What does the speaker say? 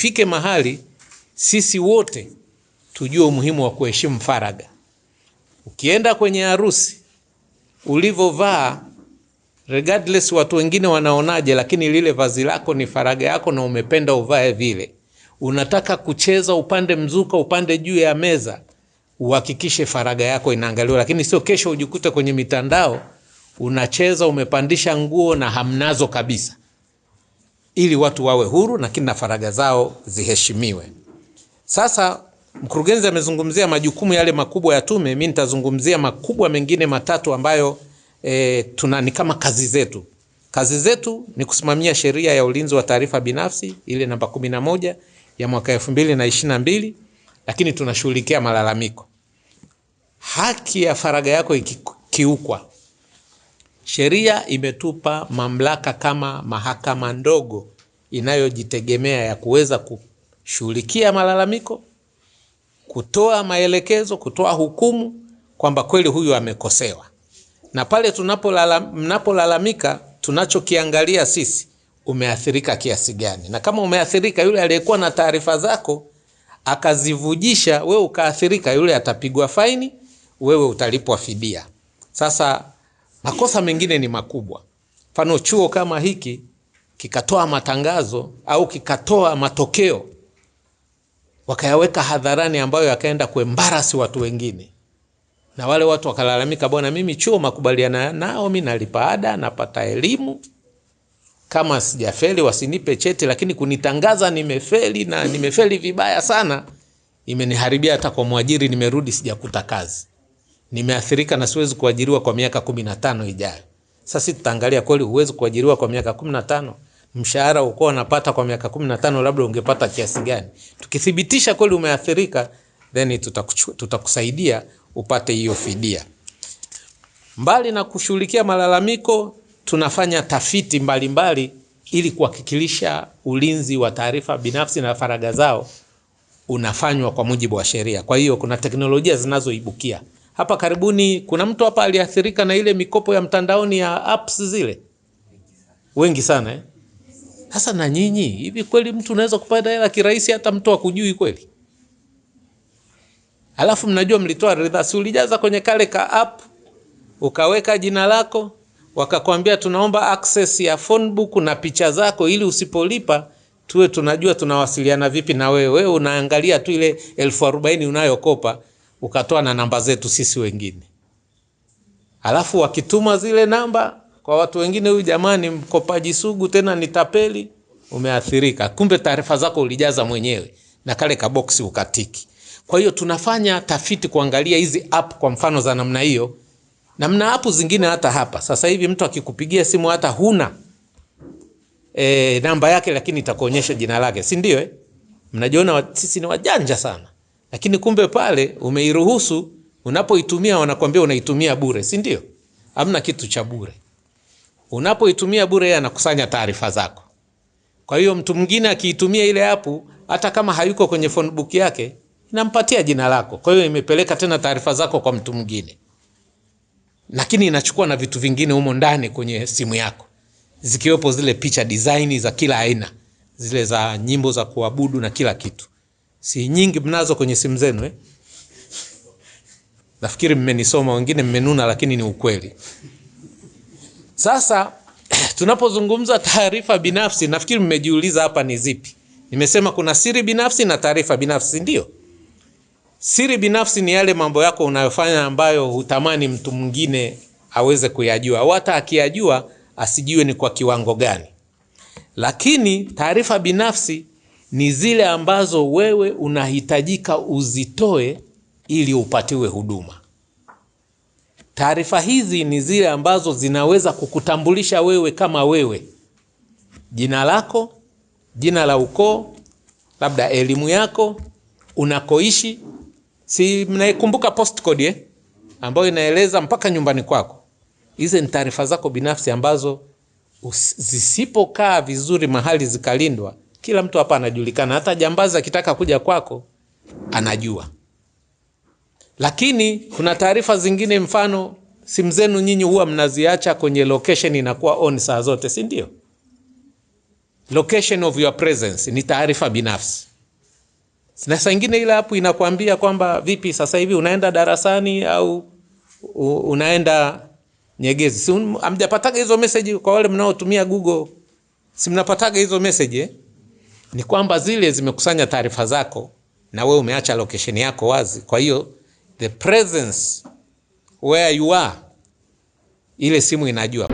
ifike mahali sisi wote tujue umuhimu wa kuheshimu faraga. Ukienda kwenye harusi ulivovaa, regardless watu wengine wanaonaje, lakini lile vazi lako ni faraga yako na umependa uvae vile. Unataka kucheza upande mzuka, upande juu ya meza, uhakikishe faraga yako inaangaliwa, lakini sio kesho ujikute kwenye mitandao unacheza umepandisha nguo na hamnazo kabisa ili watu wawe huru, lakini na faraga zao ziheshimiwe. Sasa mkurugenzi amezungumzia majukumu yale makubwa ya tume. Mimi nitazungumzia makubwa mengine matatu ambayo e, tuna ni kama kazi zetu. Kazi zetu ni kusimamia sheria ya ulinzi wa taarifa binafsi ile namba 11 ya mwaka 2022, lakini tunashughulikia malalamiko. Haki ya faraga yako ikiukwa Sheria imetupa mamlaka kama mahakama ndogo inayojitegemea ya kuweza kushughulikia malalamiko, kutoa maelekezo, kutoa hukumu kwamba kweli huyu amekosewa. Na pale tunapolalamika, tunachokiangalia sisi umeathirika kiasi gani, na kama umeathirika, yule aliyekuwa na taarifa zako akazivujisha, wewe ukaathirika, yule atapigwa faini, wewe utalipwa fidia. Sasa Makosa mengine ni makubwa. Mfano, chuo kama hiki kikatoa matangazo au kikatoa matokeo wakayaweka hadharani, ambayo yakaenda kuembarasi watu wengine, na wale watu wakalalamika, bwana, mimi chuo makubaliana nao, mimi nalipa ada, napata elimu kama sijafeli wasinipe cheti, lakini kunitangaza nimefeli na nimefeli vibaya sana, imeniharibia hata kwa mwajiri, nimerudi sijakuta kazi nimeathirika na siwezi kuajiriwa kwa miaka 15 ijayo. Sasa tutaangalia kweli, huwezi kuajiriwa kwa miaka 15, mshahara uko unapata kwa miaka 15 labda ungepata kiasi gani? Tukithibitisha kweli umeathirika, then tutakusaidia upate hiyo fidia. Mbali na kushughulikia malalamiko, tunafanya tafiti mbalimbali mbali, ili kuhakikisha ulinzi wa taarifa binafsi na faragha zao unafanywa kwa mujibu wa sheria. Kwa hiyo kuna teknolojia zinazoibukia hapa karibuni kuna mtu hapa aliathirika na ile mikopo ya mtandaoni ya apps zile, wengi sana eh? Sasa na nyinyi, hivi kweli mtu unaweza kupata hela kirahisi hata mtu akujui kweli? Alafu mnajua mlitoa ridhaa, si ulijaza kwenye kale ka app ukaweka jina lako, wakakwambia tunaomba access ya phone book na picha zako, ili usipolipa tuwe tunajua tunawasiliana vipi na wewe. Wewe unaangalia tu ile elfu arobaini unayokopa ukatoa na namba zetu sisi wengine, alafu wakituma zile namba kwa watu wengine, huyu jamani, mkopaji sugu, tena ni tapeli. Umeathirika, kumbe taarifa zako ulijaza mwenyewe na kale kaboksi ukatiki. Kwa hiyo tunafanya tafiti kuangalia hizi app kwa mfano za namna hiyo, namna mna app zingine hata hapa sasa hivi, mtu akikupigia simu hata huna e, namba yake, lakini itakuonyesha jina lake, si ndio eh? Mnajiona sisi ni wajanja sana lakini kumbe pale umeiruhusu, unapoitumia wanakwambia unaitumia bure, si ndio? amna kitu cha bure. Unapoitumia bure, yeye anakusanya taarifa zako. Kwa hiyo mtu mwingine akiitumia ile apu, hata kama hayuko kwenye phone book yake, inampatia jina lako. Kwa hiyo imepeleka tena taarifa zako kwa mtu mwingine, lakini inachukua na vitu vingine humo ndani kwenye simu yako, zikiwepo zile picha design za kila aina, zile za nyimbo za kuabudu na kila kitu si nyingi mnazo kwenye simu zenu eh? Nafikiri mmenisoma, wengine mmenuna, lakini ni ukweli. Sasa tunapozungumza taarifa binafsi, nafikiri mmejiuliza hapa ni zipi. Nimesema kuna siri binafsi na taarifa binafsi, ndio. Siri binafsi ni yale mambo yako unayofanya ambayo hutamani mtu mwingine aweze kuyajua, au hata akiyajua asijue ni kwa kiwango gani. Lakini taarifa binafsi ni zile ambazo wewe unahitajika uzitoe ili upatiwe huduma. Taarifa hizi ni zile ambazo zinaweza kukutambulisha wewe kama wewe, jina lako, jina la ukoo, labda elimu yako, unakoishi. Si mnaikumbuka postcode eh, ambayo inaeleza mpaka nyumbani kwako. Hizi ni taarifa zako binafsi ambazo zisipokaa vizuri mahali zikalindwa kila mtu hapa anajulikana, hata jambazi akitaka kuja kwako anajua. Lakini kuna taarifa zingine, mfano simu zenu nyinyi huwa mnaziacha kwenye location inakuwa on saa zote, si ndio? Location of your presence ni taarifa binafsi na saa ingine ile hapo inakwambia kwamba vipi sasa hivi unaenda darasani au unaenda Nyegezi. Si amjapataga hizo message kwa wale mnaotumia Google, si mnapataga hizo message eh? ni kwamba zile zimekusanya taarifa zako na wewe umeacha location yako wazi. Kwa hiyo the presence where you are, ile simu inajua